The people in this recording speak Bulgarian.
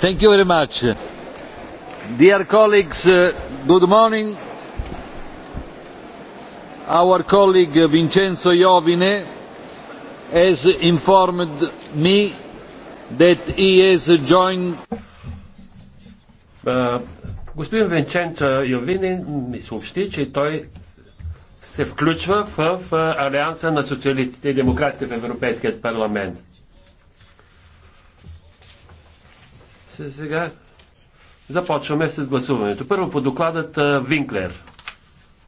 Thank you very much. Dear colleagues, uh, good morning. Our colleague Vincenzo Iovine has informed me that he has joined. Uh, господин Винченцо Йовини ми съобщи, че той се включва в Алианса на социалистите и демократите в Европейския парламент. Е, сега започваме с гласуването. Първо по докладът Винклер.